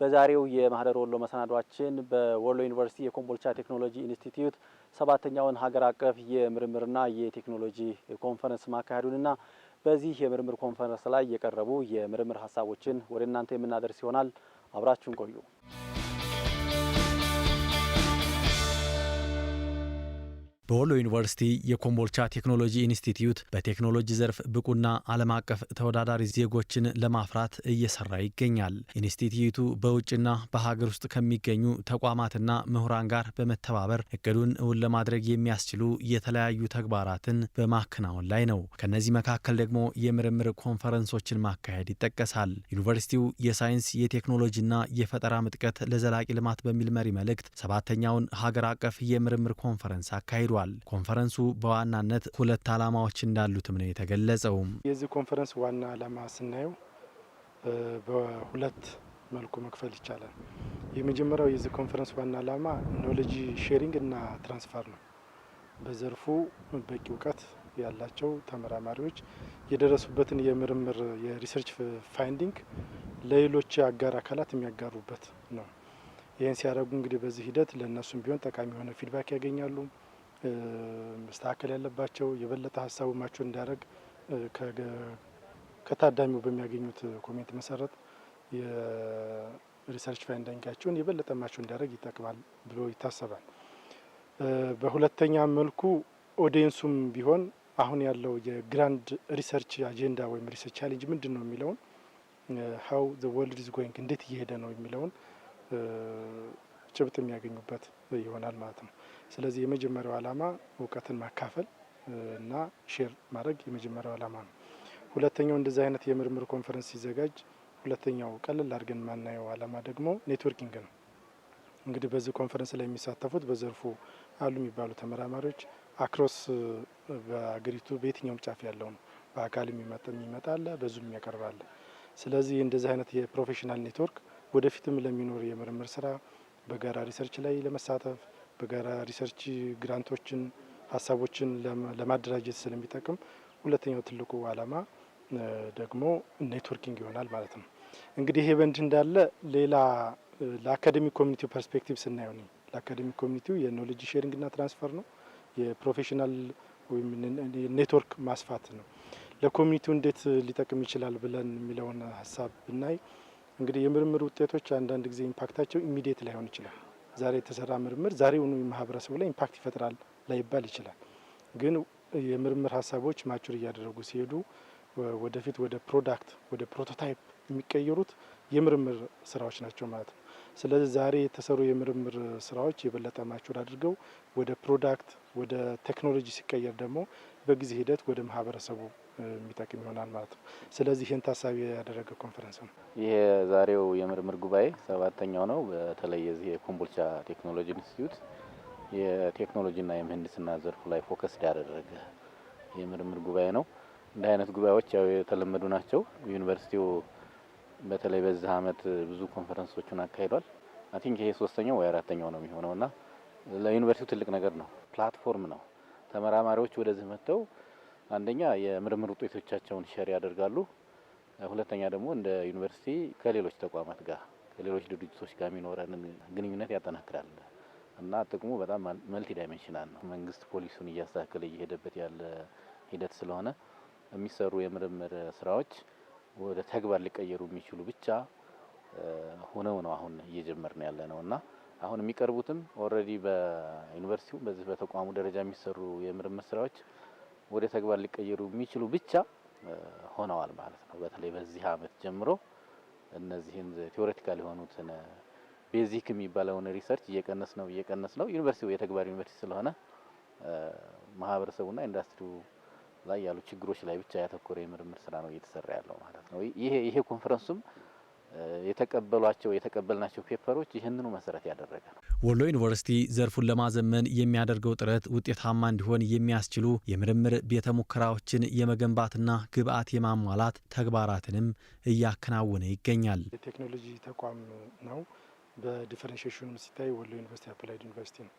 በዛሬው የማህደር ወሎ መሰናዷችን በወሎ ዩኒቨርሲቲ የኮምቦልቻ ቴክኖሎጂ ኢንስቲትዩት ሰባተኛውን ሀገር አቀፍ የምርምርና የቴክኖሎጂ ኮንፈረንስ ማካሄዱንና በዚህ የምርምር ኮንፈረንስ ላይ የቀረቡ የምርምር ሀሳቦችን ወደ እናንተ የምናደርስ ይሆናል። አብራችሁን ቆዩ። በወሎ ዩኒቨርሲቲ የኮምቦልቻ ቴክኖሎጂ ኢንስቲትዩት በቴክኖሎጂ ዘርፍ ብቁና ዓለም አቀፍ ተወዳዳሪ ዜጎችን ለማፍራት እየሰራ ይገኛል። ኢንስቲትዩቱ በውጭና በሀገር ውስጥ ከሚገኙ ተቋማትና ምሁራን ጋር በመተባበር እቅዱን እውን ለማድረግ የሚያስችሉ የተለያዩ ተግባራትን በማከናወን ላይ ነው። ከነዚህ መካከል ደግሞ የምርምር ኮንፈረንሶችን ማካሄድ ይጠቀሳል። ዩኒቨርሲቲው የሳይንስ የቴክኖሎጂና የፈጠራ ምጥቀት ለዘላቂ ልማት በሚል መሪ መልእክት ሰባተኛውን ሀገር አቀፍ የምርምር ኮንፈረንስ አካሂዷል። ተደርጓል። ኮንፈረንሱ በዋናነት ሁለት ዓላማዎች እንዳሉትም ነው የተገለጸው። የዚህ ኮንፈረንስ ዋና ዓላማ ስናየው በሁለት መልኩ መክፈል ይቻላል። የመጀመሪያው የዚህ ኮንፈረንስ ዋና ዓላማ ኖሎጂ ሼሪንግ እና ትራንስፈር ነው። በዘርፉ በቂ እውቀት ያላቸው ተመራማሪዎች የደረሱበትን የምርምር የሪሰርች ፋይንዲንግ ለሌሎች አጋር አካላት የሚያጋሩበት ነው። ይህን ሲያደርጉ እንግዲህ በዚህ ሂደት ለእነሱም ቢሆን ጠቃሚ የሆነ ፊድባክ ያገኛሉ። መስተካከል ያለባቸው የበለጠ ሀሳቡ ማቸው እንዲያደርግ ከታዳሚው በሚያገኙት ኮሜንት መሰረት የሪሰርች ፋይንዳንጋቸውን የበለጠ ማቸው እንዲያደርግ ይጠቅማል ብሎ ይታሰባል። በሁለተኛ መልኩ ኦዲየንሱም ቢሆን አሁን ያለው የግራንድ ሪሰርች አጀንዳ ወይም ሪሰርች ቻሌንጅ ምንድን ነው የሚለውን ሀው ዘ ወርልድ ኢዝ ጎይንግ እንዴት እየሄደ ነው የሚለውን ጭብጥ የሚያገኙበት ይሆናል ማለት ነው። ስለዚህ የመጀመሪያው ዓላማ እውቀትን ማካፈል እና ሼር ማድረግ የመጀመሪያው ዓላማ ነው። ሁለተኛው እንደዚህ አይነት የምርምር ኮንፈረንስ ሲዘጋጅ ሁለተኛው ቀለል አድርገን ማናየው ዓላማ ደግሞ ኔትወርኪንግ ነው። እንግዲህ በዚህ ኮንፈረንስ ላይ የሚሳተፉት በዘርፉ አሉ የሚባሉ ተመራማሪዎች አክሮስ በሀገሪቱ በየትኛውም ጫፍ ያለው ነው። በአካል የሚመጣ አለ፣ በዙም ስለዚህ እንደዚህ አይነት የፕሮፌሽናል ኔትወርክ ወደፊትም ለሚኖር የምርምር ስራ በጋራ ሪሰርች ላይ ለመሳተፍ በጋራ ሪሰርች ግራንቶችን፣ ሀሳቦችን ለማደራጀት ስለሚጠቅም ሁለተኛው ትልቁ ዓላማ ደግሞ ኔትወርኪንግ ይሆናል ማለት ነው። እንግዲህ ይሄ በእንዲህ እንዳለ ሌላ ለአካዴሚክ ኮሚኒቲው ፐርስፔክቲቭ ስናየው ነው ለአካዴሚክ ኮሚኒቲው የኖሌጅ ሼሪንግና ትራንስፈር ነው። የፕሮፌሽናል ወይም ኔትወርክ ማስፋት ነው። ለኮሚኒቲው እንዴት ሊጠቅም ይችላል ብለን የሚለውን ሀሳብ ብናይ እንግዲህ የምርምር ውጤቶች አንዳንድ ጊዜ ኢምፓክታቸው ኢሚዲየት ላይሆን ይችላል። ዛሬ የተሰራ ምርምር ዛሬውኑ ማህበረሰቡ ላይ ኢምፓክት ይፈጥራል ላይባል ይችላል። ግን የምርምር ሀሳቦች ማቹር እያደረጉ ሲሄዱ ወደፊት ወደ ፕሮዳክት ወደ ፕሮቶታይፕ የሚቀየሩት የምርምር ስራዎች ናቸው ማለት ነው። ስለዚህ ዛሬ የተሰሩ የምርምር ስራዎች የበለጠ ማቹር አድርገው ወደ ፕሮዳክት ወደ ቴክኖሎጂ ሲቀየር ደግሞ በጊዜ ሂደት ወደ ማህበረሰቡ የሚጠቅም ይሆናል ማለት ነው። ስለዚህ ይህን ታሳቢ ያደረገ ኮንፈረንስ ነው። ይህ የዛሬው የምርምር ጉባኤ ሰባተኛው ነው። በተለይ የዚህ የኮምቦልቻ ቴክኖሎጂ ኢንስቲትዩት የቴክኖሎጂና የምህንድስና ዘርፉ ላይ ፎከስ ያደረገ የምርምር ጉባኤ ነው። እንደ አይነት ጉባኤዎች ያው የተለመዱ ናቸው። ዩኒቨርሲቲው በተለይ በዚህ አመት ብዙ ኮንፈረንሶችን አካሂዷል። አይ ቲንክ ይሄ ሶስተኛው ወይ አራተኛው ነው የሚሆነው እና ለዩኒቨርሲቲው ትልቅ ነገር ነው፣ ፕላትፎርም ነው ተመራማሪዎች ወደዚህ መጥተው አንደኛ የምርምር ውጤቶቻቸውን ሸር ያደርጋሉ። ሁለተኛ ደግሞ እንደ ዩኒቨርሲቲ ከሌሎች ተቋማት ጋር ከሌሎች ድርጅቶች ጋር የሚኖረንን ግንኙነት ያጠናክራል እና ጥቅሙ በጣም መልቲ ዳይሜንሽናል ነው። መንግስት ፖሊሱን እያስተካከለ እየሄደበት ያለ ሂደት ስለሆነ የሚሰሩ የምርምር ስራዎች ወደ ተግባር ሊቀየሩ የሚችሉ ብቻ ሆነው ነው አሁን እየጀመር ነው ያለ ነው እና አሁን የሚቀርቡትም ኦልሬዲ በዩኒቨርሲቲው በዚህ በተቋሙ ደረጃ የሚሰሩ የምርምር ስራዎች ወደ ተግባር ሊቀየሩ የሚችሉ ብቻ ሆነዋል ማለት ነው። በተለይ በዚህ አመት ጀምሮ እነዚህን ቴዎሬቲካል የሆኑትን ቤዚክ የሚባለውን ሪሰርች እየቀነስ ነው እየቀነስ ነው። ዩኒቨርሲቲው የተግባር ዩኒቨርሲቲ ስለሆነ ማህበረሰቡና ኢንዱስትሪው ላይ ያሉ ችግሮች ላይ ብቻ ያተኮረ የምርምር ስራ ነው እየተሰራ ያለው ማለት ነው። ይሄ ይሄ ኮንፈረንሱም የተቀበሏቸው የተቀበልናቸው ፔፐሮች ይህንኑ መሰረት ያደረገ ነው። ወሎ ዩኒቨርሲቲ ዘርፉን ለማዘመን የሚያደርገው ጥረት ውጤታማ እንዲሆን የሚያስችሉ የምርምር ቤተ ሙከራዎችን የመገንባትና ግብዓት የማሟላት ተግባራትንም እያከናወነ ይገኛል። የቴክኖሎጂ ተቋም ነው። በዲፈረንሽሽኑም ሲታይ ወሎ ዩኒቨርሲቲ አፕላይድ ዩኒቨርሲቲ ነው።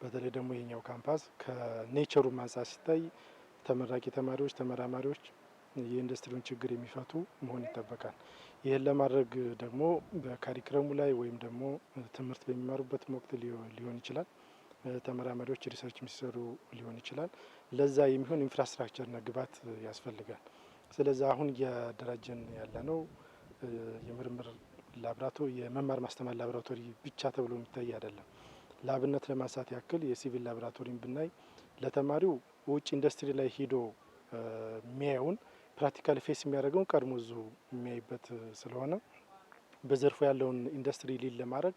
በተለይ ደግሞ የኛው ካምፓስ ከኔቸሩ ማንጻት ሲታይ ተመራቂ ተማሪዎች፣ ተመራማሪዎች የኢንዱስትሪውን ችግር የሚፈቱ መሆን ይጠበቃል። ይህን ለማድረግ ደግሞ በካሪክረሙ ላይ ወይም ደግሞ ትምህርት በሚማሩበት ወቅት ሊሆን ይችላል፣ ተመራማሪዎች ሪሰርች የሚሰሩ ሊሆን ይችላል። ለዛ የሚሆን ኢንፍራስትራክቸርና ግብዓት ያስፈልጋል። ስለዚ አሁን እያደራጀን ያለ ነው የምርምር ላብራቶሪ የመማር ማስተማር ላብራቶሪ ብቻ ተብሎ የሚታይ አይደለም። ለአብነት ለማንሳት ያክል የሲቪል ላብራቶሪን ብናይ ለተማሪው ውጭ ኢንዱስትሪ ላይ ሂዶ የሚያየውን። ፕራክቲካል ፌስ የሚያደርገውን ቀድሞ እዚሁ የሚያይበት ስለሆነ በዘርፉ ያለውን ኢንዱስትሪ ሊል ለማድረግ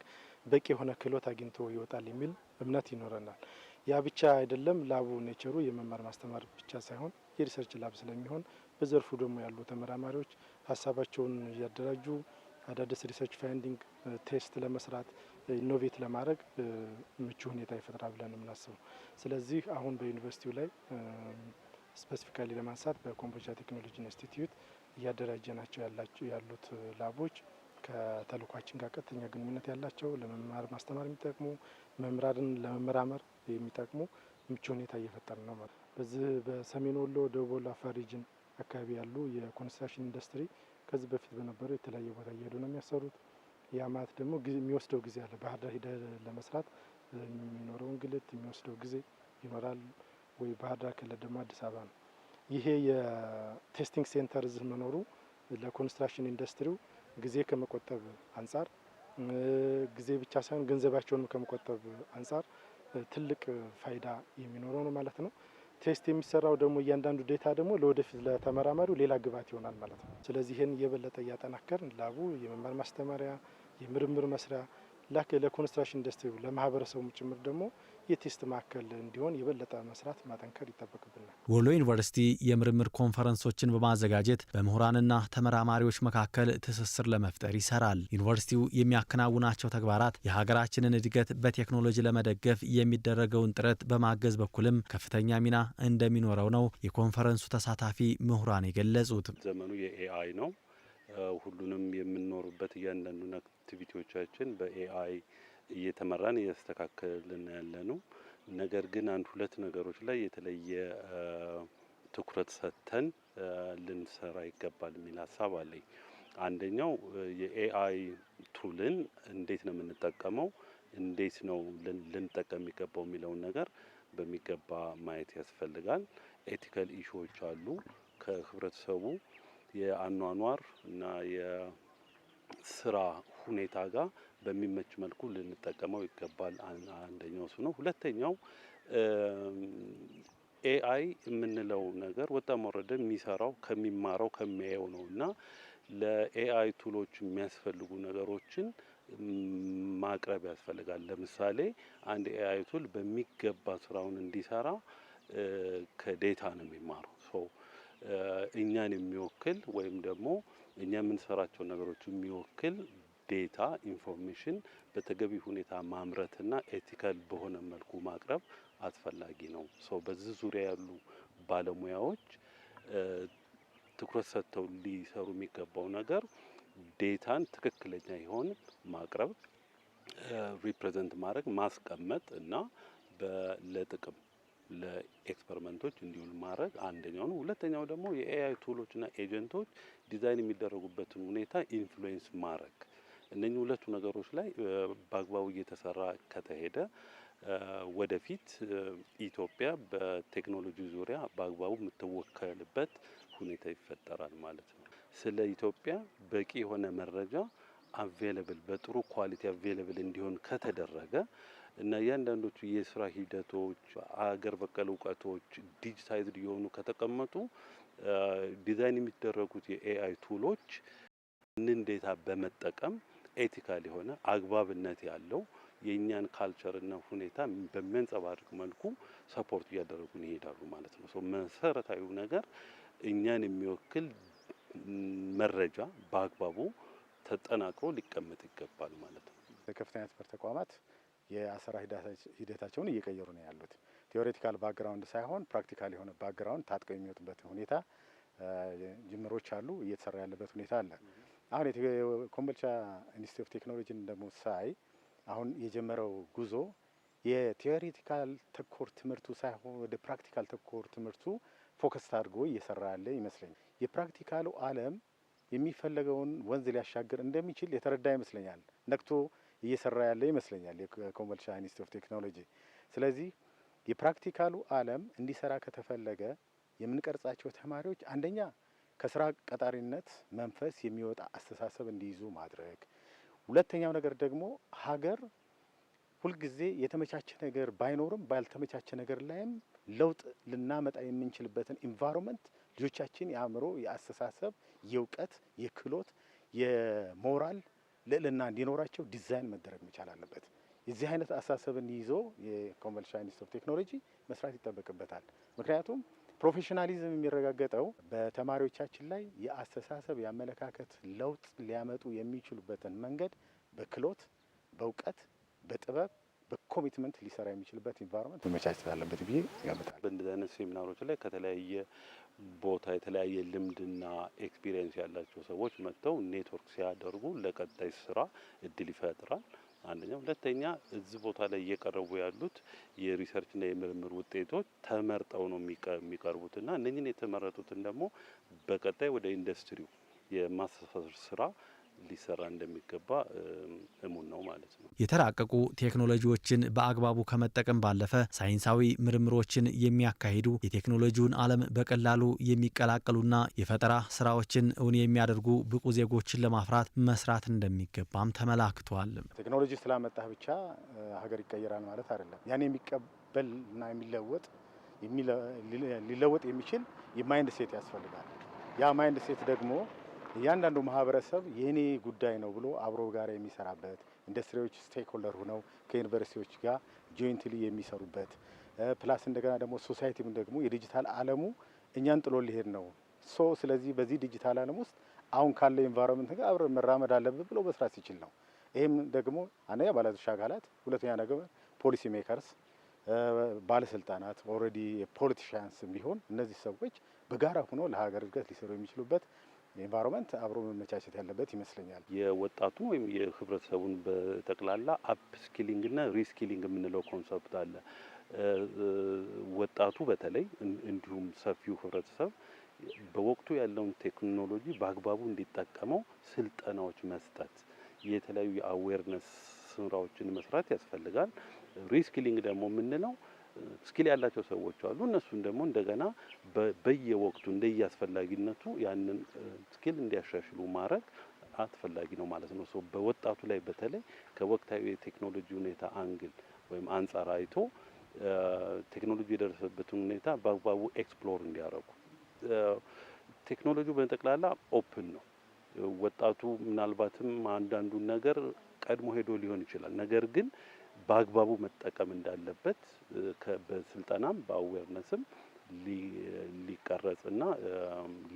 በቂ የሆነ ክህሎት አግኝቶ ይወጣል የሚል እምነት ይኖረናል። ያ ብቻ አይደለም። ላቡ ኔቸሩ የመማር ማስተማር ብቻ ሳይሆን የሪሰርች ላብ ስለሚሆን በዘርፉ ደግሞ ያሉ ተመራማሪዎች ሀሳባቸውን እያደራጁ አዳዲስ ሪሰርች ፋይንዲንግ ቴስት ለመስራት ኢኖቬት ለማድረግ ምቹ ሁኔታ ይፈጥራል ብለን የምናስበው። ስለዚህ አሁን በዩኒቨርሲቲው ላይ ስፔሲፊካሊ ለማንሳት በኮምቦልቻ ቴክኖሎጂ ኢንስቲትዩት እያደራጀ ናቸው ያሉት ላቦች ከተልኳችን ጋር ቀጥተኛ ግንኙነት ያላቸው ለመማር ማስተማር የሚጠቅሙ መምህራንን ለመመራመር የሚጠቅሙ ምቹ ሁኔታ እየፈጠረ ነው ማለት። በዚህ በሰሜን ወሎ፣ ደቡብ ወሎ፣ አፋር ሪጅን አካባቢ ያሉ የኮንስትራክሽን ኢንዱስትሪ ከዚህ በፊት በነበረው የተለያየ ቦታ እየሄዱ ነው የሚያሰሩት። ያ ማለት ደግሞ የሚወስደው ጊዜ አለ። ባህር ዳር ሂደ ለመስራት የሚኖረው እንግልት የሚወስደው ጊዜ ይኖራል። ወይ ባህርዳር ክልል ደግሞ አዲስ አበባ ነው። ይሄ የቴስቲንግ ሴንተር እዚህ መኖሩ ለኮንስትራክሽን ኢንዱስትሪው ጊዜ ከመቆጠብ አንጻር ጊዜ ብቻ ሳይሆን ገንዘባቸውንም ከመቆጠብ አንጻር ትልቅ ፋይዳ የሚኖረው ነው ማለት ነው። ቴስት የሚሰራው ደግሞ እያንዳንዱ ዴታ ደግሞ ለወደፊት ለተመራማሪው ሌላ ግብዓት ይሆናል ማለት ነው። ስለዚህ ይህን የበለጠ እያጠናከርን ላቡ የመማር ማስተማሪያ፣ የምርምር መስሪያ ላክ ለኮንስትራክሽን ኢንዱስትሪ ለማህበረሰቡ ጭምር ደግሞ የቴስት ማዕከል እንዲሆን የበለጠ መስራት ማጠንከር ይጠበቅብናል። ወሎ ዩኒቨርሲቲ የምርምር ኮንፈረንሶችን በማዘጋጀት በምሁራንና ተመራማሪዎች መካከል ትስስር ለመፍጠር ይሰራል። ዩኒቨርሲቲው የሚያከናውናቸው ተግባራት የሀገራችንን እድገት በቴክኖሎጂ ለመደገፍ የሚደረገውን ጥረት በማገዝ በኩልም ከፍተኛ ሚና እንደሚኖረው ነው የኮንፈረንሱ ተሳታፊ ምሁራን የገለጹት። ዘመኑ የኤአይ ነው። ሁሉንም የምንኖሩበት እያንዳንዱን አክቲቪቲዎቻችን በኤአይ እየተመራን እየተስተካከልን ያለ ነው። ነገር ግን አንድ ሁለት ነገሮች ላይ የተለየ ትኩረት ሰጥተን ልንሰራ ይገባል የሚል ሀሳብ አለኝ። አንደኛው የኤአይ ቱልን እንዴት ነው የምንጠቀመው፣ እንዴት ነው ልንጠቀም የሚገባው የሚለውን ነገር በሚገባ ማየት ያስፈልጋል። ኤቲካል ኢሹዎች አሉ። ከህብረተሰቡ የአኗኗር እና የስራ ሁኔታ ጋር በሚመች መልኩ ልንጠቀመው ይገባል። አንደኛው እሱ ነው። ሁለተኛው ኤአይ የምንለው ነገር ወጣ ወረደ የሚሰራው ከሚማረው ከሚያየው ነው እና ለኤአይ ቱሎች የሚያስፈልጉ ነገሮችን ማቅረብ ያስፈልጋል። ለምሳሌ አንድ ኤአይ ቱል በሚገባ ስራውን እንዲሰራ ከዴታ ነው የሚማረው ሶ እኛን የሚወክል ወይም ደግሞ እኛ የምንሰራቸው ነገሮች የሚወክል ዴታ ኢንፎርሜሽን በተገቢ ሁኔታ ማምረትና ኤቲካል በሆነ መልኩ ማቅረብ አስፈላጊ ነው። ሰው በዚህ ዙሪያ ያሉ ባለሙያዎች ትኩረት ሰጥተው ሊሰሩ የሚገባው ነገር ዴታን ትክክለኛ የሆን ማቅረብ፣ ሪፕሬዘንት ማድረግ፣ ማስቀመጥ እና ለጥቅም ለኤክስፐሪመንቶች እንዲውል ማድረግ አንደኛው ነው። ሁለተኛው ደግሞ የኤአይ ቱሎችና ኤጀንቶች ዲዛይን የሚደረጉበትን ሁኔታ ኢንፍሉዌንስ ማድረግ እነኚህ ሁለቱ ነገሮች ላይ በአግባቡ እየተሰራ ከተሄደ ወደፊት ኢትዮጵያ በቴክኖሎጂ ዙሪያ በአግባቡ የምትወከልበት ሁኔታ ይፈጠራል ማለት ነው። ስለ ኢትዮጵያ በቂ የሆነ መረጃ አቬለብል በጥሩ ኳሊቲ አቬለብል እንዲሆን ከተደረገ እና እያንዳንዶቹ የስራ ሂደቶች አገር በቀል እውቀቶች ዲጂታይዝድ የሆኑ ከተቀመጡ ዲዛይን የሚደረጉት የኤአይ ቱሎች ንን ዴታ በመጠቀም ኤቲካል የሆነ አግባብነት ያለው የእኛን ካልቸርና ሁኔታ በሚያንጸባርቅ መልኩ ሰፖርት እያደረጉን ይሄዳሉ ማለት ነው። መሰረታዊ ነገር እኛን የሚወክል መረጃ በአግባቡ ተጠናቅሮ ሊቀመጥ ይገባል ማለት ነው። ከፍተኛ ትምህርት ተቋማት የአሰራር ሂደታቸውን እየቀየሩ ነው ያሉት። ቴዎሬቲካል ባክግራውንድ ሳይሆን ፕራክቲካል የሆነ ባክግራውንድ ታጥቀው የሚወጡበት ሁኔታ ጅምሮች አሉ፣ እየተሰራ ያለበት ሁኔታ አለ። አሁን የኮምቦልቻ ኢንስቲትዩት ኦፍ ቴክኖሎጂን ደግሞ ሳይ አሁን የጀመረው ጉዞ የቴዎሬቲካል ተኮር ትምህርቱ ሳይሆን ወደ ፕራክቲካል ተኮር ትምህርቱ ፎከስ አድርጎ እየሰራ ያለ ይመስለኛል። የፕራክቲካሉ ዓለም የሚፈለገውን ወንዝ ሊያሻግር እንደሚችል የተረዳ ይመስለኛል። ነክቶ እየሰራ ያለ ይመስለኛል የኮምቦልቻ ኢንስቲትዩት ኦፍ ቴክኖሎጂ። ስለዚህ የፕራክቲካሉ ዓለም እንዲሰራ ከተፈለገ የምንቀርጻቸው ተማሪዎች አንደኛ ከስራ ቀጣሪነት መንፈስ የሚወጣ አስተሳሰብ እንዲይዙ ማድረግ። ሁለተኛው ነገር ደግሞ ሀገር ሁልጊዜ የተመቻቸ ነገር ባይኖርም ባልተመቻቸ ነገር ላይም ለውጥ ልናመጣ የምንችልበትን ኢንቫይሮንመንት ልጆቻችን የአእምሮ፣ የአስተሳሰብ፣ የእውቀት፣ የክህሎት፣ የሞራል ልዕልና እንዲኖራቸው ዲዛይን መደረግ መቻል አለበት። የዚህ አይነት አስተሳሰብን ይዞ የኮንቨንሽናል ኢንስቲትዩት ቴክኖሎጂ መስራት ይጠበቅበታል። ምክንያቱም ፕሮፌሽናሊዝም የሚረጋገጠው በተማሪዎቻችን ላይ የአስተሳሰብ የአመለካከት ለውጥ ሊያመጡ የሚችሉበትን መንገድ በክሎት፣ በእውቀት፣ በጥበብ በኮሚትመንት ሊሰራ የሚችልበት ኢንቫይሮንመንት መመቻቸት አለበት ብዬ ገምታለሁ። በእንደዚህ አይነት ሴሚናሮች ላይ ከተለያየ ቦታ የተለያየ ልምድና ኤክስፒሪየንስ ያላቸው ሰዎች መጥተው ኔትወርክ ሲያደርጉ ለቀጣይ ስራ እድል ይፈጥራል። አንደኛ። ሁለተኛ እዚህ ቦታ ላይ እየቀረቡ ያሉት የሪሰርችና የምርምር ውጤቶች ተመርጠው ነው የሚቀርቡትና እነኝን የተመረጡትን ደግሞ በቀጣይ ወደ ኢንዱስትሪው የማስፈር ስራ ሊሰራ እንደሚገባ እሙን ነው ማለት ነው። የተራቀቁ ቴክኖሎጂዎችን በአግባቡ ከመጠቀም ባለፈ ሳይንሳዊ ምርምሮችን የሚያካሂዱ የቴክኖሎጂውን ዓለም በቀላሉ የሚቀላቀሉና የፈጠራ ስራዎችን እውን የሚያደርጉ ብቁ ዜጎችን ለማፍራት መስራት እንደሚገባም ተመላክቷል። ቴክኖሎጂ ስላመጣህ ብቻ ሀገር ይቀየራል ማለት አይደለም። ያን እና የሚለወጥ ሊለወጥ የሚችል የማይንድ ሴት ያስፈልጋል። ያ ማይንድ ሴት ደግሞ እያንዳንዱ ማህበረሰብ የኔ ጉዳይ ነው ብሎ አብሮ ጋር የሚሰራበት ኢንዱስትሪዎች ስቴክሆልደር ሆነው ከዩኒቨርሲቲዎች ጋር ጆይንትሊ የሚሰሩበት ፕላስ እንደገና ደግሞ ሶሳይቲም ደግሞ የዲጂታል አለሙ እኛን ጥሎ ሊሄድ ነው ሶ ስለዚህ በዚህ ዲጂታል አለም ውስጥ አሁን ካለው ኤንቫይሮንመንት ጋር አብረ መራመድ አለብን ብሎ መስራት ሲችል ነው። ይህም ደግሞ አንደኛ ባለድርሻ አካላት፣ ሁለተኛ ነገር ፖሊሲ ሜከርስ ባለስልጣናት ኦልሬዲ ፖለቲሽያንስ ቢሆን እነዚህ ሰዎች በጋራ ሆኖ ለሀገር እድገት ሊሰሩ የሚችሉበት ኢንቫይሮንመንት አብሮ መመቻቸት ያለበት ይመስለኛል። የወጣቱ ወይም የህብረተሰቡን በጠቅላላ አፕስኪሊንግና ሪስኪሊንግ የምንለው ኮንሰፕት አለ። ወጣቱ በተለይ እንዲሁም ሰፊው ህብረተሰብ በወቅቱ ያለውን ቴክኖሎጂ በአግባቡ እንዲጠቀመው ስልጠናዎች መስጠት፣ የተለያዩ የአዌርነስ ስራዎችን መስራት ያስፈልጋል። ሪስኪሊንግ ደግሞ የምንለው ስኪል ያላቸው ሰዎች አሉ። እነሱን ደግሞ እንደገና በየወቅቱ እንደየአስፈላጊነቱ ያንን ስኪል እንዲያሻሽሉ ማድረግ አስፈላጊ ነው ማለት ነው። በወጣቱ ላይ በተለይ ከወቅታዊ የቴክኖሎጂ ሁኔታ አንግል ወይም አንጻር አይቶ ቴክኖሎጂ የደረሰበትን ሁኔታ በአግባቡ ኤክስፕሎር እንዲያደርጉ። ቴክኖሎጂ በጠቅላላ ኦፕን ነው። ወጣቱ ምናልባትም አንዳንዱን ነገር ቀድሞ ሄዶ ሊሆን ይችላል። ነገር ግን በአግባቡ መጠቀም እንዳለበት በስልጠናም በአዌርነስም ሊቀረጽና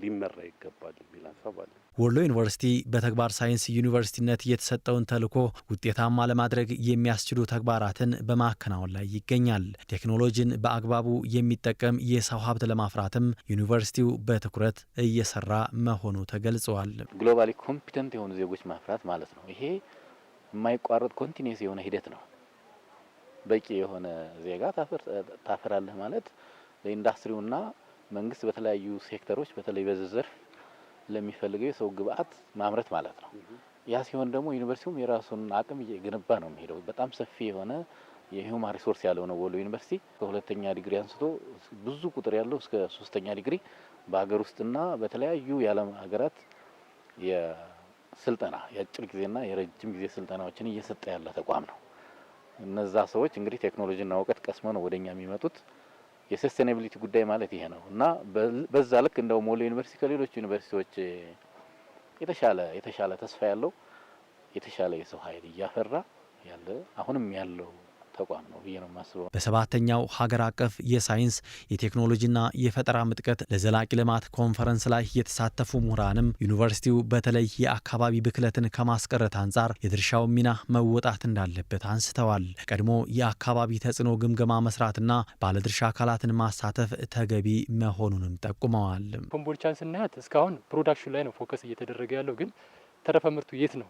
ሊመራ ይገባል የሚል ሀሳብ አለ። ወሎ ዩኒቨርሲቲ በተግባር ሳይንስ ዩኒቨርሲቲነት እየተሰጠውን ተልዕኮ ውጤታማ ለማድረግ የሚያስችሉ ተግባራትን በማከናወን ላይ ይገኛል። ቴክኖሎጂን በአግባቡ የሚጠቀም የሰው ሀብት ለማፍራትም ዩኒቨርሲቲው በትኩረት እየሰራ መሆኑ ተገልጸዋል። ግሎባሊ ኮምፒተንት የሆኑ ዜጎች ማፍራት ማለት ነው። ይሄ የማይቋረጥ ኮንቲኒስ የሆነ ሂደት ነው። በቂ የሆነ ዜጋ ታፈራለህ ማለት ለኢንዱስትሪውና መንግስት በተለያዩ ሴክተሮች በተለይ በዚህ ዘርፍ ለሚፈልገው የሰው ግብአት ማምረት ማለት ነው። ያ ሲሆን ደግሞ ዩኒቨርሲቲውም የራሱን አቅም እየገነባ ነው የሚሄደው። በጣም ሰፊ የሆነ የሂውማን ሪሶርስ ያለው ነው ወሎ ዩኒቨርሲቲ። ከሁለተኛ ዲግሪ አንስቶ ብዙ ቁጥር ያለው እስከ ሶስተኛ ዲግሪ በሀገር ውስጥና በተለያዩ የዓለም ሀገራት የስልጠና የአጭር ጊዜና የረጅም ጊዜ ስልጠናዎችን እየሰጠ ያለ ተቋም ነው። እነዛ ሰዎች እንግዲህ ቴክኖሎጂና እውቀት ቀስሞ ነው ወደኛ የሚመጡት። የሰስቴናቢሊቲ ጉዳይ ማለት ይሄ ነው እና በዛ ልክ እንደው ሞሎ ዩኒቨርሲቲ ከሌሎች ዩኒቨርሲቲዎች የተሻለ የተሻለ ተስፋ ያለው የተሻለ የሰው ኃይል እያፈራ ያለ አሁንም ያለው ተቋም ነው ብዬ ነው የማስበው። በሰባተኛው ሀገር አቀፍ የሳይንስ የቴክኖሎጂና የፈጠራ ምጥቀት ለዘላቂ ልማት ኮንፈረንስ ላይ የተሳተፉ ምሁራንም ዩኒቨርሲቲው በተለይ የአካባቢ ብክለትን ከማስቀረት አንጻር የድርሻው ሚና መወጣት እንዳለበት አንስተዋል። ቀድሞ የአካባቢ ተጽዕኖ ግምገማ መስራትና ባለድርሻ አካላትን ማሳተፍ ተገቢ መሆኑንም ጠቁመዋል። ኮምቦልቻን ስናያት እስካሁን ፕሮዳክሽን ላይ ነው ፎከስ እየተደረገ ያለው ግን ተረፈ ምርቱ የት ነው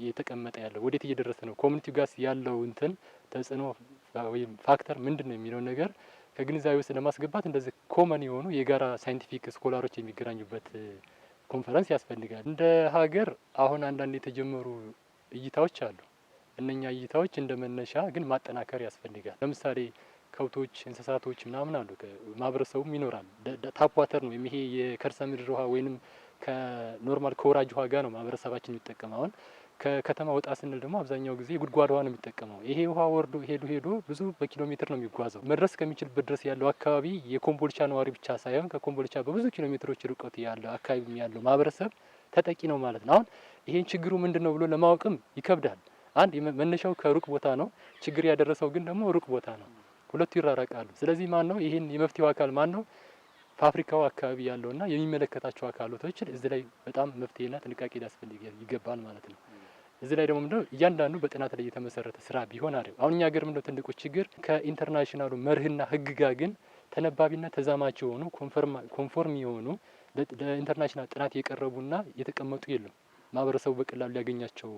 እየተቀመጠ ያለው ወዴት እየደረሰ ነው፣ ኮሚኒቲው ጋስ ያለው እንትን ተጽዕኖ ወይም ፋክተር ምንድን ነው ነገር ከግንዛቤ ውስጥ ለማስገባት እንደዚህ ኮመን የሆኑ የጋራ ሳይንቲፊክ ስኮላሮች የሚገናኙበት ኮንፈረንስ ያስፈልጋል። እንደ ሀገር አሁን አንዳንድ የተጀመሩ እይታዎች አሉ። እነኛ እይታዎች እንደ መነሻ ግን ማጠናከር ያስፈልጋል። ለምሳሌ ከብቶች፣ እንስሳቶች ምናምን አሉ። ማህበረሰቡም ይኖራል። ታፕ ዋተር ነው ይሄ የከርሰ ምድር ውሃ ወይንም ከኖርማል ከወራጅ ውሃ ጋር ነው ማህበረሰባችን የሚጠቀመውን አሁን ከከተማ ወጣ ስንል ደግሞ አብዛኛው ጊዜ ጉድጓድ ውሃ ነው የሚጠቀመው። ይሄ ውሃ ወርዶ ሄዶ ሄዶ ብዙ በኪሎ ሜትር ነው የሚጓዘው። መድረስ ከሚችልበት ድረስ ያለው አካባቢ የኮምቦልቻ ነዋሪ ብቻ ሳይሆን ከኮምቦልቻ በብዙ ኪሎ ሜትሮች ርቀት ያለው አካባቢ ያለው ማህበረሰብ ተጠቂ ነው ማለት ነው። አሁን ይሄን ችግሩ ምንድን ነው ብሎ ለማወቅም ይከብዳል። አንድ መነሻው ከሩቅ ቦታ ነው፣ ችግር ያደረሰው ግን ደግሞ ሩቅ ቦታ ነው። ሁለቱ ይራራቃሉ። ስለዚህ ማን ነው ይህን የመፍትሄው አካል ማን ነው? ፋብሪካው አካባቢ ያለውና የሚመለከታቸው አካላቶች እዚህ ላይ በጣም መፍትሄና ጥንቃቄ ሊያስፈልግ ይገባል ማለት ነው። እዚህ ላይ ደግሞ ምንድነው እያንዳንዱ በጥናት ላይ የተመሰረተ ስራ ቢሆን አሪፍ። አሁን እኛ ሀገር ምንድነው ትልቁ ችግር ከኢንተርናሽናሉ መርህና ህግ ጋር ግን ተነባቢና ተዛማች የሆኑ ኮንፎርም የሆኑ ለኢንተርናሽናል ጥናት የቀረቡና የተቀመጡ የሉም። ማህበረሰቡ በቀላሉ ሊያገኛቸው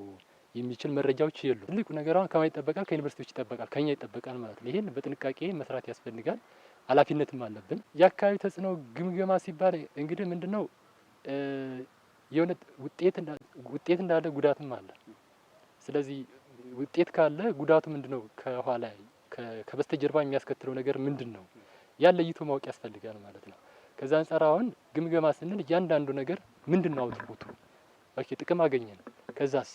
የሚችል መረጃዎች የሉ። ትልቁ ነገር አሁን ከማ ይጠበቃል፣ ከዩኒቨርሲቲዎች ይጠበቃል፣ ከኛ ይጠበቃል ማለት ነው። ይህን በጥንቃቄ መስራት ያስፈልጋል። ኃላፊነትም አለብን። የአካባቢ ተጽዕኖ ግምገማ ሲባል እንግዲህ ምንድነው የሆነ ውጤት እንዳለ ጉዳትም አለ። ስለዚህ ውጤት ካለ ጉዳቱ ምንድን ነው? ከኋላ ከበስተጀርባ የሚያስከትለው ነገር ምንድን ነው? ያን ለይቶ ማወቅ ያስፈልጋል ማለት ነው። ከዛ አንጻር አሁን ግምገማ ስንል እያንዳንዱ ነገር ምንድን ነው አውትፑቱ፣ ጥቅም አገኘን፣ ከዛስ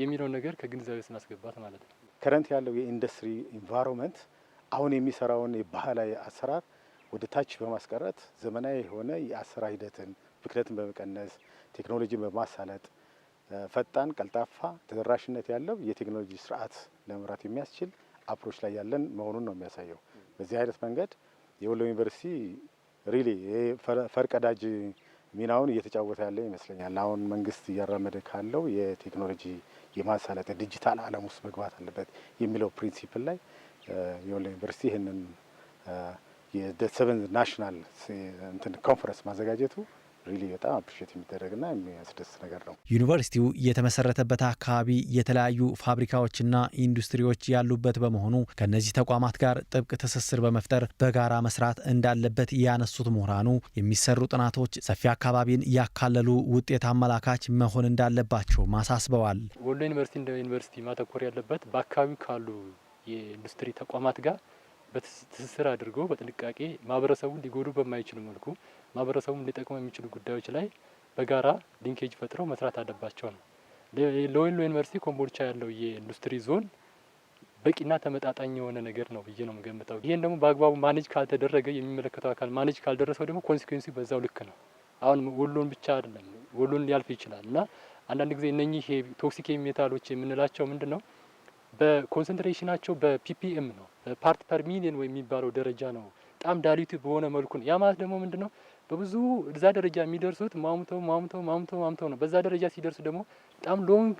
የሚለውን ነገር ከግንዛቤ ስናስገባት ማለት ነው። ከረንት ያለው የኢንዱስትሪ ኢንቫይሮንመንት አሁን የሚሰራውን የባህላዊ አሰራር ወደ ታች በማስቀረት ዘመናዊ የሆነ የአሰራር ሂደትን ብክለትን በመቀነስ ቴክኖሎጂን በማሳለጥ ፈጣን፣ ቀልጣፋ፣ ተደራሽነት ያለው የቴክኖሎጂ ስርዓት ለመምራት የሚያስችል አፕሮች ላይ ያለን መሆኑን ነው የሚያሳየው። በዚህ አይነት መንገድ የወሎ ዩኒቨርሲቲ ሪሊ ፈርቀዳጅ ሚናውን እየተጫወተ ያለ ይመስለኛል። አሁን መንግስት እያራመደ ካለው የቴክኖሎጂ የማሳለጥ ዲጂታል ዓለም ውስጥ መግባት አለበት የሚለው ፕሪንሲፕል ላይ የወሎ ዩኒቨርሲቲ ይህንን የሰቨንዝ ናሽናል እንትን ኮንፈረንስ ማዘጋጀቱ ሪሊ በጣም አፕሪሼት የሚደረግና የሚያስደስት ነገር ነው። ዩኒቨርሲቲው የተመሰረተበት አካባቢ የተለያዩ ፋብሪካዎችና ኢንዱስትሪዎች ያሉበት በመሆኑ ከእነዚህ ተቋማት ጋር ጥብቅ ትስስር በመፍጠር በጋራ መስራት እንዳለበት ያነሱት ምሁራኑ የሚሰሩ ጥናቶች ሰፊ አካባቢን ያካለሉ ውጤት አመላካች መሆን እንዳለባቸው ማሳስበዋል። ወሎ ዩኒቨርሲቲ እንደ ዩኒቨርሲቲ ማተኮር ያለበት በአካባቢው ካሉ የኢንዱስትሪ ተቋማት ጋር በትስስር አድርገው በጥንቃቄ ማህበረሰቡን ሊጎዱ በማይችሉ መልኩ ማህበረሰቡን ሊጠቅሙ የሚችሉ ጉዳዮች ላይ በጋራ ሊንኬጅ ፈጥረው መስራት አለባቸው ነው። ለወሎ ዩኒቨርሲቲ ኮምቦልቻ ያለው የኢንዱስትሪ ዞን በቂና ተመጣጣኝ የሆነ ነገር ነው ብዬ ነው የምገምተው። ይህን ደግሞ በአግባቡ ማኔጅ ካልተደረገ የሚመለከተው አካል ማኔጅ ካልደረሰው ደግሞ ኮንሲኩዌንሲ በዛው ልክ ነው። አሁን ወሎን ብቻ አይደለም ወሎን ሊያልፍ ይችላል እና አንዳንድ ጊዜ እነኚህ ቶክሲክ ሜታሎች የምንላቸው ምንድን ነው በኮንሰንትሬሽናቸው በፒፒኤም ነው ፓርት ፐር ሚሊየን ወይ የሚባለው ደረጃ ነው። በጣም ዳሊቱ በሆነ መልኩ ነው። ያ ማለት ደግሞ ምንድነው በብዙ እዛ ደረጃ የሚደርሱት ማሙተው ማሙተው ማሙተው ማሙተው ነው። በዛ ደረጃ ሲደርሱ ደግሞ በጣም ሎንግ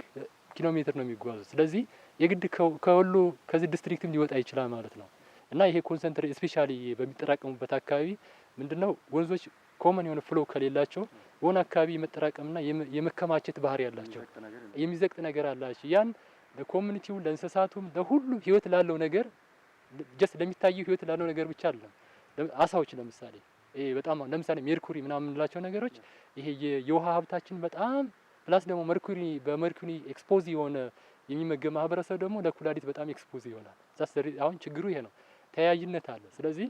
ኪሎ ሜትር ነው የሚጓዙት። ስለዚህ የግድ ከወሎ ከዚህ ዲስትሪክትም ሊወጣ ይችላል ማለት ነው እና ይሄ ኮንሰንትሬ ስፔሻሊ በሚጠራቀሙበት አካባቢ ምንድነው ወንዞች ኮመን የሆነ ፍሎ ከሌላቸው በሆነ አካባቢ የመጠራቀምና የመከማቸት ባህሪ ያላቸው የሚዘቅጥ ነገር አላቸው። ያን ለኮሚኒቲው፣ ለእንስሳቱም፣ ለሁሉ ህይወት ላለው ነገር ጀስት ለሚታየው ህይወት ላለው ነገር ብቻ አይደለም። አሳዎች ለምሳሌ ይሄ በጣም ለምሳሌ ሜርኩሪ ምናምን የምንላቸው ነገሮች ይሄ የውሃ ሀብታችን በጣም ፕላስ ደግሞ መርኩሪ በመርኩሪ ኤክስፖዝ የሆነ የሚመገብ ማህበረሰብ ደግሞ ለኩላሊት በጣም ኤክስፖዝ ይሆናል። ዛስ አሁን ችግሩ ይሄ ነው፣ ተያያዥነት አለ። ስለዚህ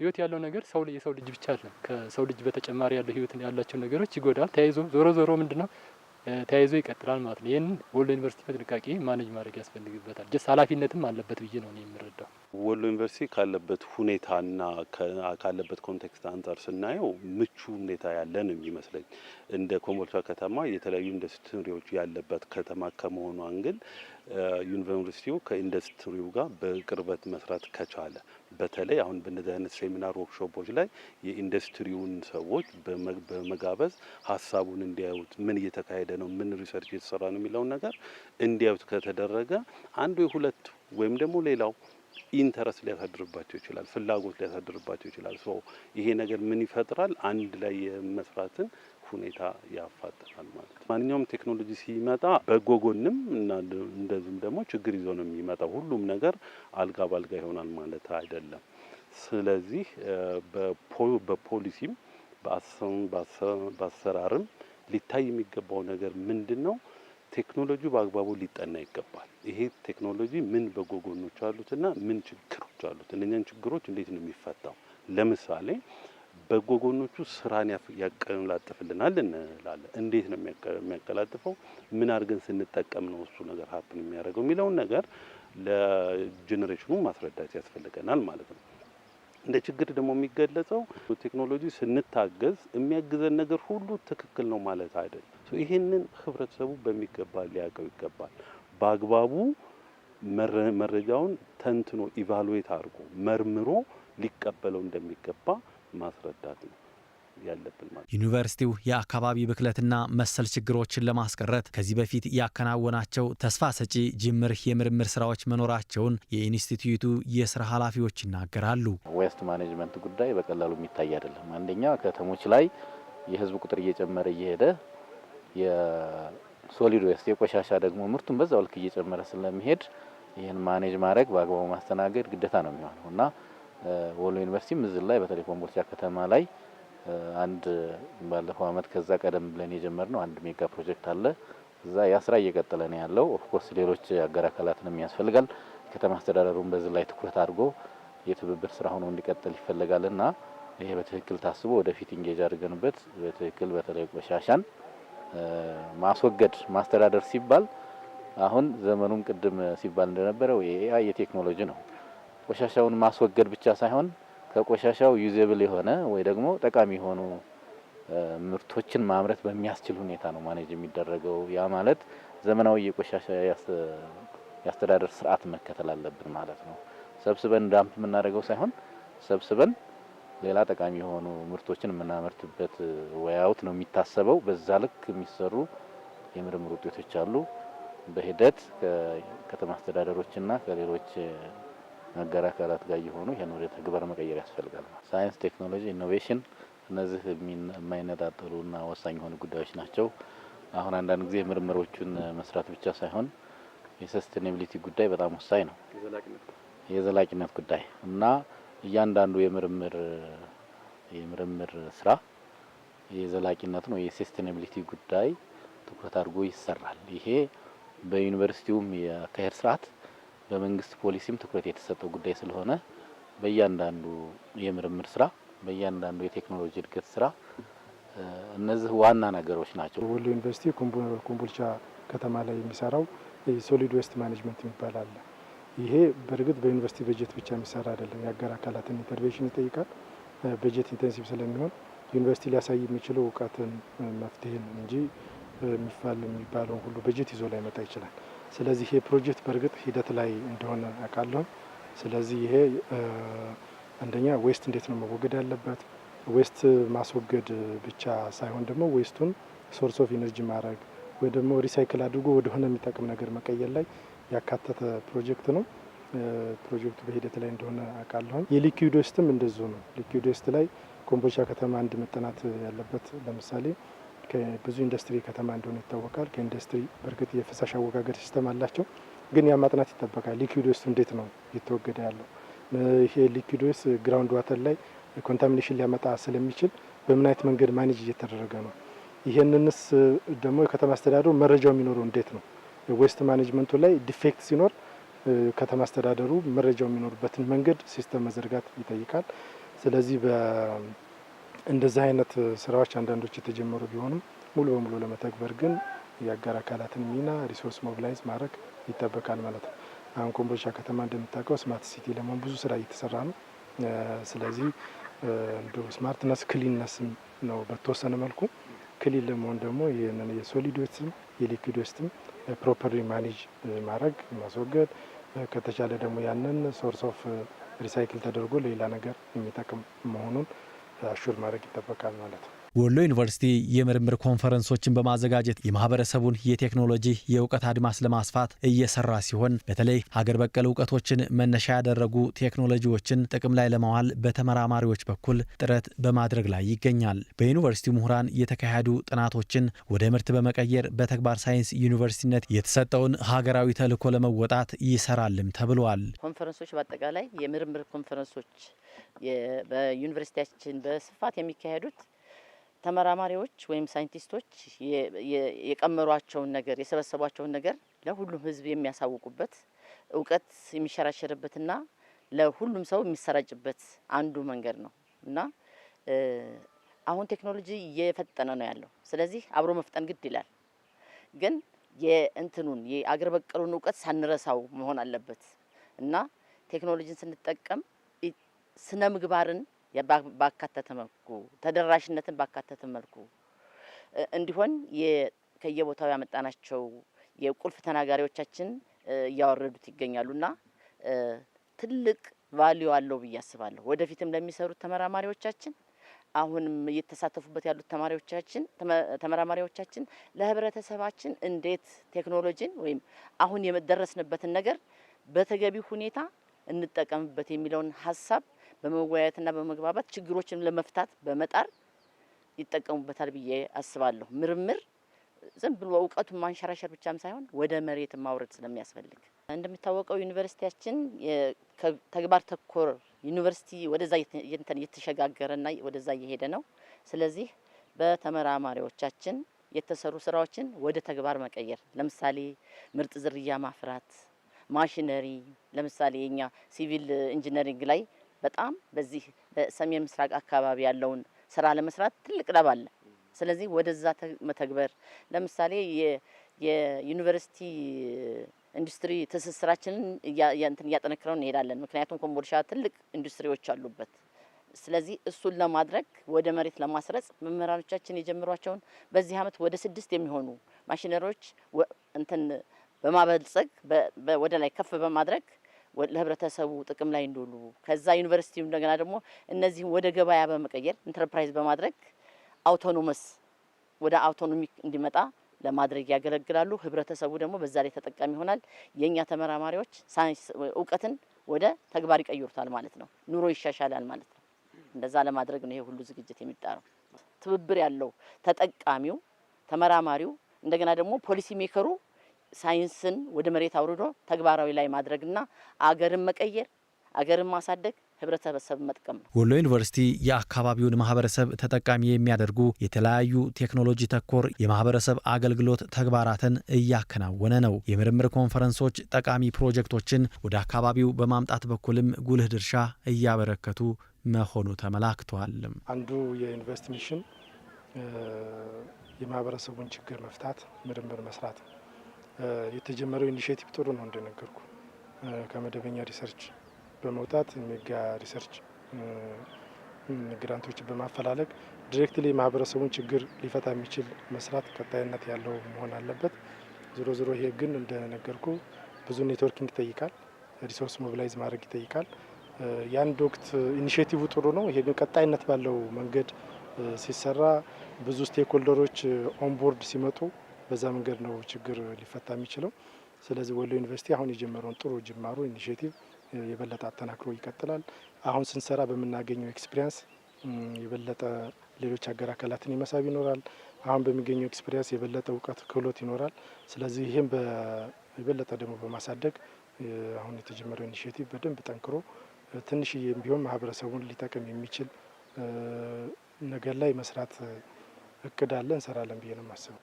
ህይወት ያለው ነገር ሰው የሰው ልጅ ብቻ አለ። ከሰው ልጅ በተጨማሪ ያለው ህይወት ያላቸው ነገሮች ይጎዳል። ተያይዞ ዞሮ ዞሮ ምንድነው ተያይዞ ይቀጥላል ማለት ነው። ይህን ወሎ ዩኒቨርሲቲ በጥንቃቄ ማኔጅ ማድረግ ያስፈልግበታል። ጀስ ኃላፊነትም አለበት ብዬ ነው የምረዳው። ወሎ ዩኒቨርሲቲ ካለበት ሁኔታና ካለበት ኮንቴክስት አንጻር ስናየው ምቹ ሁኔታ ያለ ነው የሚመስለኝ። እንደ ኮምቦልቻ ከተማ የተለያዩ ኢንዱስትሪዎች ያለበት ከተማ ከመሆኗን ግን ዩኒቨርሲቲው ከኢንዱስትሪው ጋር በቅርበት መስራት ከቻለ በተለይ አሁን በእነዚህ አይነት ሴሚናር ወርክሾፖች ላይ የኢንዱስትሪውን ሰዎች በመጋበዝ ሀሳቡን እንዲያዩት ምን እየተካሄደ ነው፣ ምን ሪሰርች እየተሰራ ነው የሚለውን ነገር እንዲያዩት ከተደረገ አንዱ የሁለት ወይም ደግሞ ሌላው ኢንተረስት ሊያሳድርባቸው ይችላል፣ ፍላጎት ሊያሳድርባቸው ይችላል። ሶ ይሄ ነገር ምን ይፈጥራል? አንድ ላይ የመስራትን ሁኔታ ያፋጥናል ማለት ነው። ማንኛውም ቴክኖሎጂ ሲመጣ በጎ ጎንም እና እንደዚሁም ደግሞ ችግር ይዞ ነው የሚመጣው። ሁሉም ነገር አልጋ ባልጋ ይሆናል ማለት አይደለም። ስለዚህ በፖሊሲም በአሰራርም ሊታይ የሚገባው ነገር ምንድን ነው? ቴክኖሎጂ በአግባቡ ሊጠና ይገባል። ይሄ ቴክኖሎጂ ምን በጎ ጎኖች አሉትና ምን ችግሮች አሉት? እነኛን ችግሮች እንዴት ነው የሚፈታው? ለምሳሌ በጎ ጎኖቹ ስራን ያቀላጥፍልናል እንላለ። እንዴት ነው የሚያቀላጥፈው? ምን አድርገን ስንጠቀም ነው እሱ ነገር ሀብትን የሚያደርገው የሚለውን ነገር ለጀኔሬሽኑ ማስረዳት ያስፈልገናል ማለት ነው። እንደ ችግር ደግሞ የሚገለጸው ቴክኖሎጂ ስንታገዝ የሚያግዘን ነገር ሁሉ ትክክል ነው ማለት አይደለም። ይህንን ህብረተሰቡ በሚገባ ሊያውቀው ይገባል። በአግባቡ መረጃውን ተንትኖ ኢቫሉዌት አድርጎ መርምሮ ሊቀበለው እንደሚገባ ማስረዳት ነው ያለብን ማለት ዩኒቨርሲቲው የአካባቢ ብክለትና መሰል ችግሮችን ለማስቀረት ከዚህ በፊት ያከናወናቸው ተስፋ ሰጪ ጅምር የምርምር ስራዎች መኖራቸውን የኢንስቲትዩቱ የስራ ኃላፊዎች ይናገራሉ። ዌስት ማኔጅመንት ጉዳይ በቀላሉ የሚታይ አይደለም። አንደኛ ከተሞች ላይ የህዝብ ቁጥር እየጨመረ እየሄደ የሶሊድ ዌስት የቆሻሻ ደግሞ ምርቱን በዛው ልክ እየጨመረ ስለሚሄድ ይህን ማኔጅ ማድረግ በአግባቡ ማስተናገድ ግዴታ ነው የሚሆነው እና ወሎ ዩኒቨርሲቲ ምዝል ላይ በተለይ ኮምቦልቻ ከተማ ላይ አንድ ባለፈው አመት ከዛ ቀደም ብለን የጀመርነው አንድ ሜጋ ፕሮጀክት አለ። እዛ ያ ስራ እየቀጠለ ነው ያለው። ኦፍኮርስ ሌሎች አገር አካላትንም ያስፈልጋል። ከተማ አስተዳደሩም በዚህ ላይ ትኩረት አድርጎ የትብብር ስራ ሆኖ እንዲቀጥል ይፈለጋልና ይሄ በትክክል ታስቦ ወደፊት እንጌጅ አድርገንበት በትክክል በተለይ ቆሻሻን ማስወገድ ማስተዳደር ሲባል አሁን ዘመኑም ቅድም ሲባል እንደነበረው የኤአይ የቴክኖሎጂ ነው። ቆሻሻውን ማስወገድ ብቻ ሳይሆን ከቆሻሻው ዩዜብል የሆነ ወይ ደግሞ ጠቃሚ የሆኑ ምርቶችን ማምረት በሚያስችል ሁኔታ ነው ማኔጅ የሚደረገው። ያ ማለት ዘመናዊ የቆሻሻ የአስተዳደር ስርዓት መከተል አለብን ማለት ነው። ሰብስበን ዳምፕ የምናደርገው ሳይሆን ሰብስበን ሌላ ጠቃሚ የሆኑ ምርቶችን የምናመርትበት ወያውት ነው የሚታሰበው። በዛ ልክ የሚሰሩ የምርምር ውጤቶች አሉ። በሂደት ከከተማ አስተዳደሮችና ከሌሎች አጋር ጋር የሆኑ ይህን ወደ ተግባር መቀየር ያስፈልጋል። ሳይንስ፣ ቴክኖሎጂ፣ ኢኖቬሽን እነዚህ የማይነጣጠሉና ወሳኝ የሆኑ ጉዳዮች ናቸው። አሁን አንዳንድ ጊዜ ምርምሮቹን መስራት ብቻ ሳይሆን የሰስቴኔብሊቲ ጉዳይ በጣም ወሳኝ ነው። የዘላቂነት ጉዳይ እና እያንዳንዱ የምርምር የምርምር ስራ የዘላቂነት ነው የሴስቴኔብሊቲ ጉዳይ ትኩረት አድርጎ ይሰራል። ይሄ በዩኒቨርሲቲውም የአካሄድ ስርዓት በመንግስት ፖሊሲም ትኩረት የተሰጠው ጉዳይ ስለሆነ በእያንዳንዱ የምርምር ስራ፣ በእያንዳንዱ የቴክኖሎጂ እድገት ስራ እነዚህ ዋና ነገሮች ናቸው። ወሎ ዩኒቨርሲቲ ኮምቦልቻ ከተማ ላይ የሚሰራው የሶሊድ ዌስት ማኔጅመንት የሚባል አለ። ይሄ በእርግጥ በዩኒቨርሲቲ በጀት ብቻ የሚሰራ አይደለም። የአገር አካላትን ኢንተርቬንሽን ይጠይቃል። በጀት ኢንቴንሲቭ ስለሚሆን ዩኒቨርሲቲ ሊያሳይ የሚችለው እውቀትን፣ መፍትሄን እንጂ የሚባለውን ሁሉ በጀት ይዞ ላይመጣ ይችላል። ስለዚህ ይሄ ፕሮጀክት በእርግጥ ሂደት ላይ እንደሆነ አውቃለሁ። ስለዚህ ይሄ አንደኛ ዌስት እንዴት ነው መወገድ ያለበት፣ ዌስት ማስወገድ ብቻ ሳይሆን ደግሞ ዌስቱን ሶርስ ኦፍ ኢነርጂ ማድረግ ወይ ደግሞ ሪሳይክል አድርጎ ወደሆነ የሚጠቅም ነገር መቀየር ላይ ያካተተ ፕሮጀክት ነው። ፕሮጀክቱ በሂደት ላይ እንደሆነ አውቃለሁ። የሊኩዊድ ዌስትም እንደዚሁ ነው። ሊኩዊድ ዌስት ላይ ኮምቦልቻ ከተማ አንድ መጠናት ያለበት ለምሳሌ ብዙ ኢንዱስትሪ ከተማ እንደሆነ ይታወቃል። ከኢንዱስትሪ በእርግጥ የፍሳሽ አወጋገድ ሲስተም አላቸው፣ ግን ያ ማጥናት ይጠበቃል። ሊኩድ ዌስቱ እንዴት ነው እየተወገደ ያለው? ይሄ ሊኩድ ዌስት ግራውንድ ዋተር ላይ ኮንታሚኔሽን ሊያመጣ ስለሚችል በምን አይነት መንገድ ማኔጅ እየተደረገ ነው? ይህንንስ ደግሞ የከተማ አስተዳደሩ መረጃው የሚኖረው እንዴት ነው? ዌስት ማኔጅመንቱ ላይ ዲፌክት ሲኖር ከተማ አስተዳደሩ መረጃው የሚኖርበትን መንገድ ሲስተም መዘርጋት ይጠይቃል። ስለዚህ እንደዚህ አይነት ስራዎች አንዳንዶች የተጀመሩ ቢሆንም ሙሉ በሙሉ ለመተግበር ግን የአጋር አካላትን ሚና ሪሶርስ ሞቢላይዝ ማድረግ ይጠበቃል ማለት ነው። አሁን ኮምቦልቻ ከተማ እንደምታውቀው ስማርት ሲቲ ለመሆን ብዙ ስራ እየተሰራ ነው። ስለዚህ ስማርትነስ ክሊንነስም ነው በተወሰነ መልኩ ክሊን ለመሆን ደግሞ ይህንን የሶሊድ ዌስትም የሊኩድ ዌስትም ፕሮፐርሊ ማኔጅ ማድረግ ማስወገድ፣ ከተቻለ ደግሞ ያንን ሶርስ ኦፍ ሪሳይክል ተደርጎ ሌላ ነገር የሚጠቅም መሆኑን አሹር ማድረግ ይጠበቃል ማለት ነው። ወሎ ዩኒቨርሲቲ የምርምር ኮንፈረንሶችን በማዘጋጀት የማህበረሰቡን የቴክኖሎጂ የእውቀት አድማስ ለማስፋት እየሰራ ሲሆን በተለይ ሀገር በቀል እውቀቶችን መነሻ ያደረጉ ቴክኖሎጂዎችን ጥቅም ላይ ለማዋል በተመራማሪዎች በኩል ጥረት በማድረግ ላይ ይገኛል። በዩኒቨርሲቲ ምሁራን የተካሄዱ ጥናቶችን ወደ ምርት በመቀየር በተግባር ሳይንስ ዩኒቨርሲቲነት የተሰጠውን ሀገራዊ ተልዕኮ ለመወጣት ይሰራልም ተብሏል። ኮንፈረንሶች በአጠቃላይ የምርምር ኮንፈረንሶች በዩኒቨርሲቲያችን በስፋት የሚካሄዱት ተመራማሪዎች ወይም ሳይንቲስቶች የቀመሯቸውን ነገር የሰበሰቧቸውን ነገር ለሁሉም ህዝብ የሚያሳውቁበት እውቀት የሚሸራሸርበትና ለሁሉም ሰው የሚሰራጭበት አንዱ መንገድ ነው እና አሁን ቴክኖሎጂ እየፈጠነ ነው ያለው። ስለዚህ አብሮ መፍጠን ግድ ይላል። ግን የእንትኑን የአገር በቀሉን እውቀት ሳንረሳው መሆን አለበት እና ቴክኖሎጂን ስንጠቀም ስነ ምግባርን ባካተተ መልኩ ተደራሽነትን ባካተተ መልኩ እንዲሆን ከየቦታው ያመጣናቸው የቁልፍ ተናጋሪዎቻችን እያወረዱት ይገኛሉና ትልቅ ቫሊዩ አለው ብዬ አስባለሁ። ወደፊትም ለሚሰሩት ተመራማሪዎቻችን አሁንም እየተሳተፉበት ያሉት ተማሪዎቻችን ተመራማሪዎቻችን ለህብረተሰባችን እንዴት ቴክኖሎጂን ወይም አሁን የደረስንበትን ነገር በተገቢ ሁኔታ እንጠቀምበት የሚለውን ሀሳብ በመወያየትና በመግባባት ችግሮችን ለመፍታት በመጣር ይጠቀሙበታል ብዬ አስባለሁ። ምርምር ዝም ብሎ እውቀቱን ማንሸራሸር ብቻም ሳይሆን ወደ መሬት ማውረድ ስለሚያስፈልግ እንደሚታወቀው ዩኒቨርሲቲያችን ተግባር ተኮር ዩኒቨርሲቲ ወደዛ እየተሸጋገረና ወደዛ እየሄደ ነው። ስለዚህ በተመራማሪዎቻችን የተሰሩ ስራዎችን ወደ ተግባር መቀየር፣ ለምሳሌ ምርጥ ዝርያ ማፍራት፣ ማሽነሪ ለምሳሌ የኛ ሲቪል ኢንጂነሪንግ ላይ በጣም በዚህ በሰሜን ምስራቅ አካባቢ ያለውን ስራ ለመስራት ትልቅ ረብ አለ። ስለዚህ ወደዛ መተግበር ለምሳሌ የዩኒቨርሲቲ ኢንዱስትሪ ትስስራችንን እንትን እያጠነክረው እንሄዳለን። ምክንያቱም ኮምቦልቻ ትልቅ ኢንዱስትሪዎች አሉበት። ስለዚህ እሱን ለማድረግ ወደ መሬት ለማስረጽ መምህራኖቻችን የጀመሯቸውን በዚህ አመት ወደ ስድስት የሚሆኑ ማሽነሪዎች እንትን በማበልጸግ ወደ ላይ ከፍ በማድረግ ለህብረተሰቡ ጥቅም ላይ እንዲውሉ ከዛ ዩኒቨርሲቲ እንደገና ደግሞ እነዚህም ወደ ገበያ በመቀየር ኢንተርፕራይዝ በማድረግ አውቶኖመስ ወደ አውቶኖሚክ እንዲመጣ ለማድረግ ያገለግላሉ። ህብረተሰቡ ደግሞ በዛ ላይ ተጠቃሚ ይሆናል። የእኛ ተመራማሪዎች ሳይንስ እውቀትን ወደ ተግባር ይቀይሩታል ማለት ነው። ኑሮ ይሻሻላል ማለት ነው። እንደዛ ለማድረግ ነው ይሄ ሁሉ ዝግጅት የሚጣረው። ትብብር ያለው ተጠቃሚው፣ ተመራማሪው እንደገና ደግሞ ፖሊሲ ሜከሩ ሳይንስን ወደ መሬት አውርዶ ተግባራዊ ላይ ማድረግና አገርን መቀየር አገርን ማሳደግ ህብረተሰብ መጥቀም ነው። ወሎ ዩኒቨርሲቲ የአካባቢውን ማህበረሰብ ተጠቃሚ የሚያደርጉ የተለያዩ ቴክኖሎጂ ተኮር የማህበረሰብ አገልግሎት ተግባራትን እያከናወነ ነው። የምርምር ኮንፈረንሶች ጠቃሚ ፕሮጀክቶችን ወደ አካባቢው በማምጣት በኩልም ጉልህ ድርሻ እያበረከቱ መሆኑ ተመላክቷል። አንዱ የዩኒቨርስቲ ሚሽን የማህበረሰቡን ችግር መፍታት፣ ምርምር መስራት የተጀመረው ኢኒሽቲቭ ጥሩ ነው። እንደነገርኩ ከመደበኛ ሪሰርች በመውጣት ሜጋ ሪሰርች ግራንቶችን በማፈላለግ ዲሬክትሊ ማህበረሰቡን ችግር ሊፈታ የሚችል መስራት ቀጣይነት ያለው መሆን አለበት። ዞሮ ዞሮ ይሄ ግን እንደነገርኩ ብዙ ኔትወርኪንግ ይጠይቃል፣ ሪሶርስ ሞቢላይዝ ማድረግ ይጠይቃል። የአንድ ወቅት ኢኒሽቲቭ ጥሩ ነው። ይሄ ግን ቀጣይነት ባለው መንገድ ሲሰራ ብዙ ስቴክሆልደሮች ኦንቦርድ ሲመጡ በዛ መንገድ ነው ችግር ሊፈታ የሚችለው። ስለዚህ ወሎ ዩኒቨርሲቲ አሁን የጀመረውን ጥሩ ጅማሩ ኢኒሽቲቭ የበለጠ አጠናክሮ ይቀጥላል። አሁን ስንሰራ በምናገኘው ኤክስፒሪያንስ የበለጠ ሌሎች ሀገር አካላትን የመሳብ ይኖራል። አሁን በሚገኘው ኤክስፒሪያንስ የበለጠ እውቀት፣ ክህሎት ይኖራል። ስለዚህ ይህም የበለጠ ደግሞ በማሳደግ አሁን የተጀመረው ኢኒሽቲቭ በደንብ ጠንክሮ ትንሽዬ ቢሆን ማህበረሰቡን ሊጠቅም የሚችል ነገር ላይ መስራት እቅድ አለ እንሰራለን ብዬ ነው የማስበው።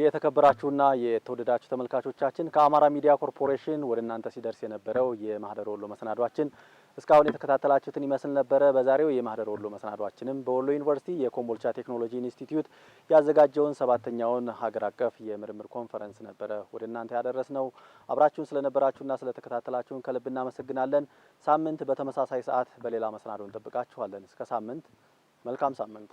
የተከበራችሁና የተወደዳችሁ ተመልካቾቻችን ከአማራ ሚዲያ ኮርፖሬሽን ወደ እናንተ ሲደርስ የነበረው የማህደር ወሎ መሰናዷችን እስካሁን የተከታተላችሁትን ይመስል ነበረ። በዛሬው የማህደር ወሎ መሰናዷችንም በወሎ ዩኒቨርሲቲ የኮምቦልቻ ቴክኖሎጂ ኢንስቲትዩት ያዘጋጀውን ሰባተኛውን ሀገር አቀፍ የምርምር ኮንፈረንስ ነበረ ወደ እናንተ ያደረስ ነው። አብራችሁን ስለነበራችሁና ስለተከታተላችሁን ከልብ እናመሰግናለን። ሳምንት በተመሳሳይ ሰዓት በሌላ መሰናዶ እንጠብቃችኋለን። እስከ ሳምንት መልካም ሳምንት